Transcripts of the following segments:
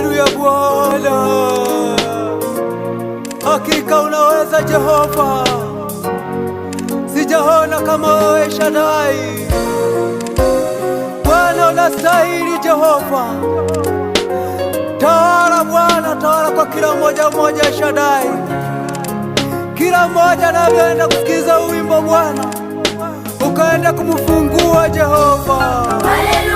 Haleluya Bwana, hakika unaweza Jehova, sijaona kama wewe shadai Bwana unastahili Jehova, tawala Bwana, tawala kwa kila mmoja mmoja, shadai kila mmoja anavyoenda kusikiza wimbo Bwana ukaenda kumfungua Jehova. Haleluya.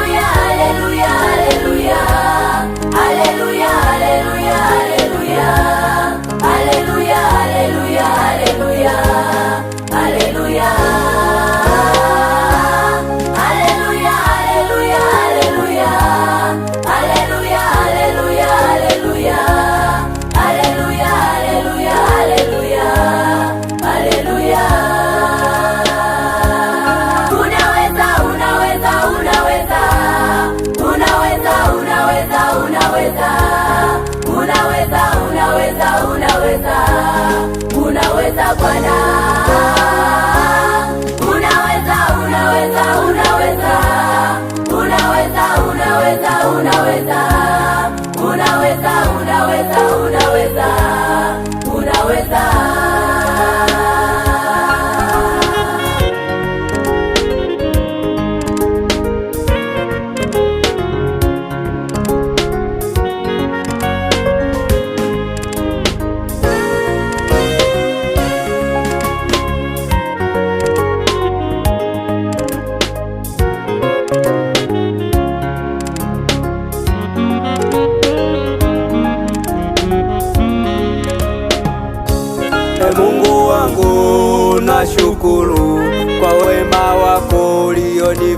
Bwana. Unaweza, unaweza, unaweza, unaweza, unaweza, unaweza, unaweza, unaweza, unaweza, unaweza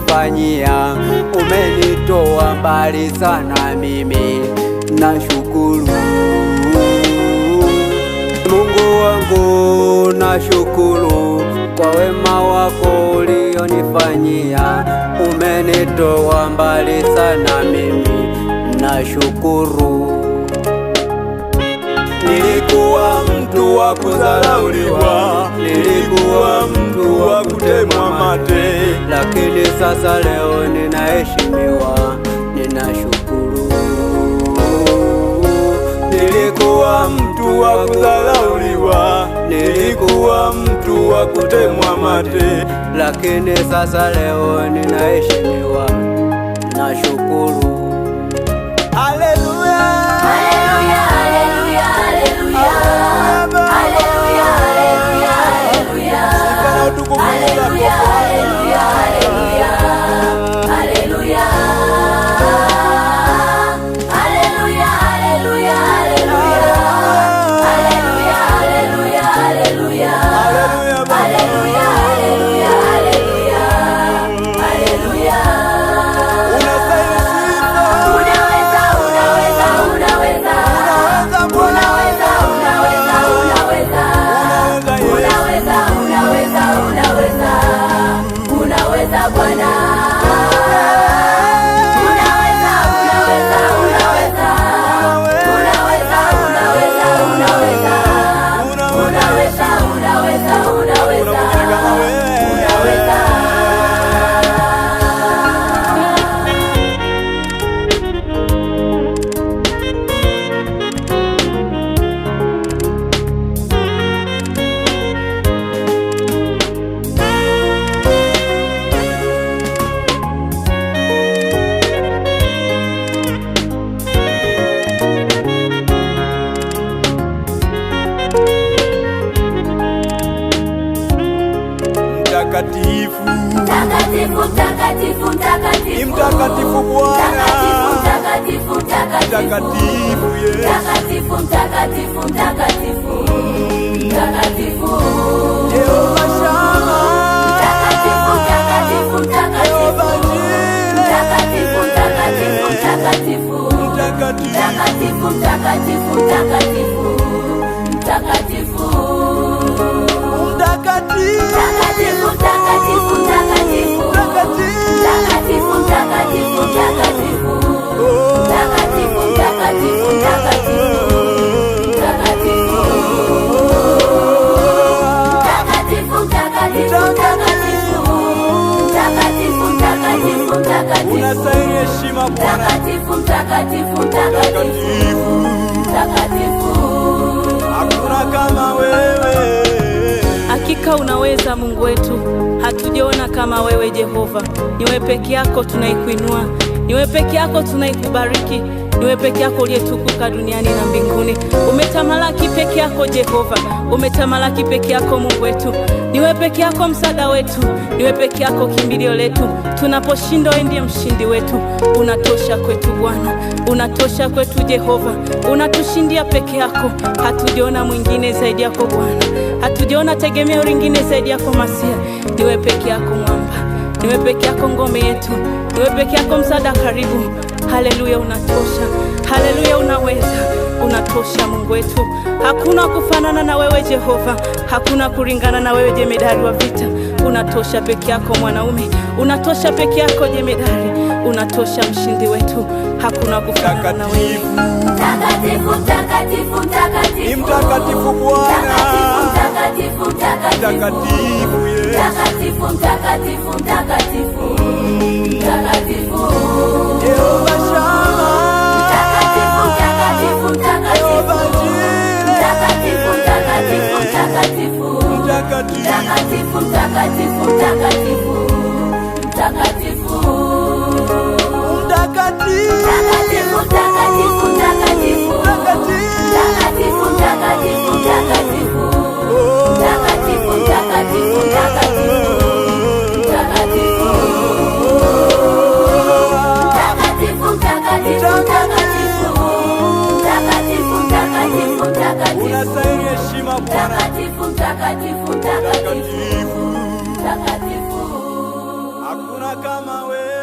kunifanyia, umenitoa mbali sana, mimi nashukuru Mungu wangu, nashukuru kwa wema wako ulionifanyia, umenitoa mbali sana, mimi nashukuru. Nilikuwa mtu wa kudharauliwa, nilikuwa mtu sasa leo ninaheshimiwa, ninashukuru. Nilikuwa mtu wa kudhalauliwa, nilikuwa mtu wa kutemwa mate, lakini sasa leo ninaheshimiwa, nashukuru. mtakatifu, mtakatifu, mtakatifu, mtakatifu, mtakatifu Bwana, mtakatifu, mtakatifu, mtakatifu, mtakatifu, mtakatifu, mtakatifu, mtakatifu, mtakatifu mtakatifu, mtakatifu, mtakatifu, hakuna kama wewe. Hakika unaweza Mungu wetu, hatujaona kama wewe Jehova. Niwe peke yako tunaikuinua, niwe peke yako tunaikubariki wewe peke yako uliyetukuka duniani na mbinguni, umetamalaki peke yako Jehova, umetamalaki peke yako Mungu wetu. Ni wewe peke yako msaada wetu, ni wewe peke yako kimbilio letu. Tunaposhindwa, wewe ndiye mshindi wetu. Unatosha kwetu Bwana, unatosha kwetu Jehova, unatushindia peke yako. Hatujaona mwingine zaidi yako Bwana, hatujaona tegemeo lingine zaidi yako Masia. Ni wewe peke yako mwamba, ni wewe peke yako ngome yetu wewe peke yako msaada karibu. Haleluya, unatosha. Haleluya, unaweza, unatosha Mungu wetu. Hakuna kufanana na wewe Jehova, hakuna kulingana na wewe jemedari wa vita. Unatosha peke yako mwanaume, unatosha peke yako jemedari, unatosha mshindi wetu. Hakuna kufanana na wewe. takatifu, takatifu. Ni mtakatifu Bwana, Takatifu, takatifu, takatifu. Takatifu, haki. Mtakatifu, mtakatifu, mtakatifu, mtakatifu, mtakatifu, mtakatifu unastahili heshima Bwana mtakatifu, hakuna kama wewe.